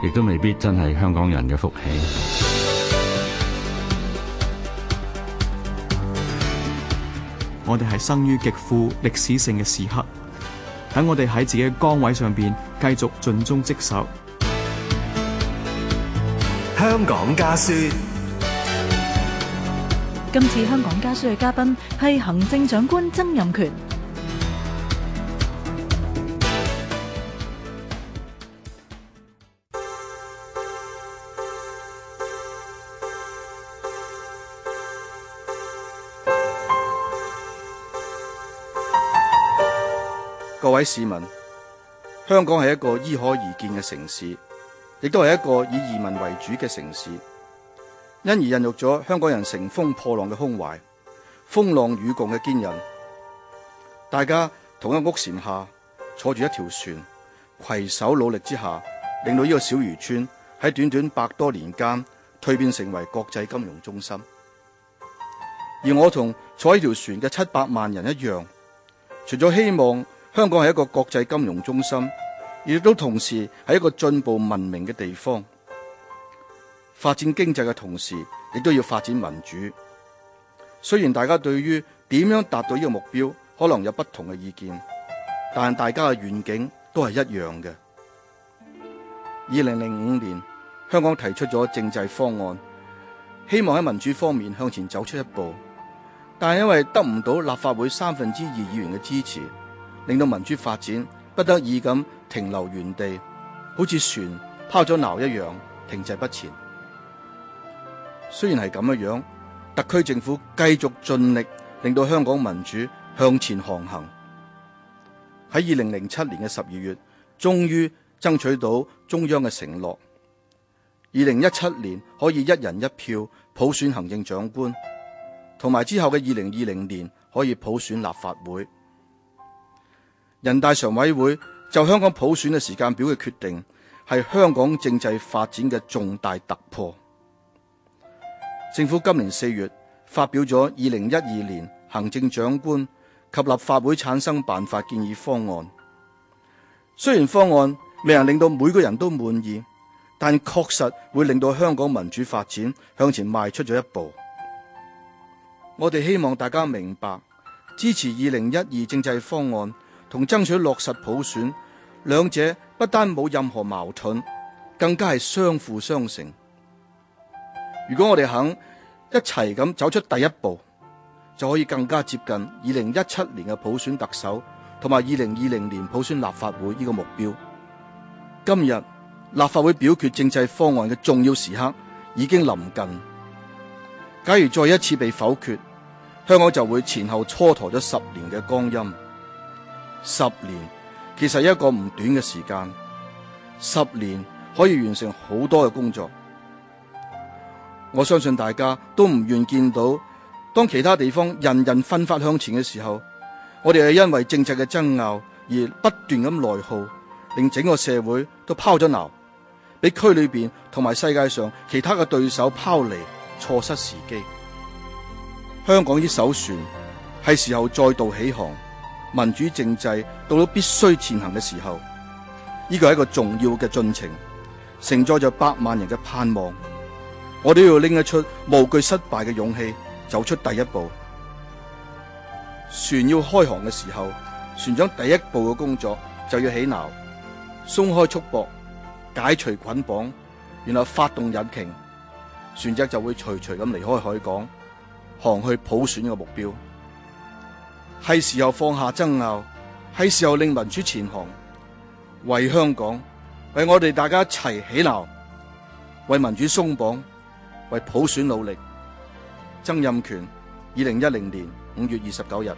亦都未必真係香港人嘅福氣。我哋係生於極富歷史性嘅時刻，等我哋喺自己嘅崗位上邊繼續盡忠職守。香港家書。今次香港家書嘅嘉賓係行政長官曾蔭權。各位市民，香港係一個依海而建嘅城市，亦都係一個以移民為主嘅城市，因而孕育咗香港人乘風破浪嘅胸懷、風浪與共嘅堅韌。大家同一屋檐下坐住一條船，攜手努力之下，令到呢個小漁村喺短短百多年間蛻變成為國際金融中心。而我同坐喺條船嘅七百萬人一樣，除咗希望。香港係一個國際金融中心，亦都同時係一個進步文明嘅地方。發展經濟嘅同時，亦都要發展民主。雖然大家對於點樣達到呢個目標可能有不同嘅意見，但大家嘅願景都係一樣嘅。二零零五年，香港提出咗政制方案，希望喺民主方面向前走出一步，但係因為得唔到立法會三分之二議員嘅支持。令到民主發展不得已咁停留原地，好似船拋咗錨一樣停滯不前。雖然係咁樣，特區政府繼續盡力令到香港民主向前航行。喺二零零七年嘅十二月，終於爭取到中央嘅承諾，二零一七年可以一人一票普選行政長官，同埋之後嘅二零二零年可以普選立法會。人大常委會就香港普選嘅時間表嘅決定，係香港政制發展嘅重大突破。政府今年四月發表咗二零一二年行政長官及立法會產生辦法建議方案。雖然方案未能令到每個人都滿意，但確實會令到香港民主發展向前邁出咗一步。我哋希望大家明白，支持二零一二政制方案。同爭取落實普選，兩者不單冇任何矛盾，更加係相輔相成。如果我哋肯一齊咁走出第一步，就可以更加接近二零一七年嘅普選特首，同埋二零二零年普選立法會呢個目標。今日立法會表決政制方案嘅重要時刻已經臨近，假如再一次被否決，香港就會前後蹉跎咗十年嘅光陰。十年其實一個唔短嘅時間，十年可以完成好多嘅工作。我相信大家都唔願見到，當其他地方人人奮發向前嘅時候，我哋係因為政策嘅爭拗而不斷咁內耗，令整個社會都拋咗錨，俾區裏邊同埋世界上其他嘅對手拋離，錯失時機。香港呢艘船係時候再度起航。民主政制到咗必須前行嘅時候，呢個係一個重要嘅進程，承載咗百萬人嘅盼望。我都要拎一出無懼失敗嘅勇氣，走出第一步。船要開航嘅時候，船長第一步嘅工作就要起錨，鬆開束縛，解除捆綁，然後發動引擎，船隻就會徐徐咁離開海港，航去普選嘅目標。係時候放下爭拗，係時候令民主前行，為香港，為我哋大家一齊起，起錨，為民主鬆綁，為普選努力。曾蔭權，二零一零年五月二十九日。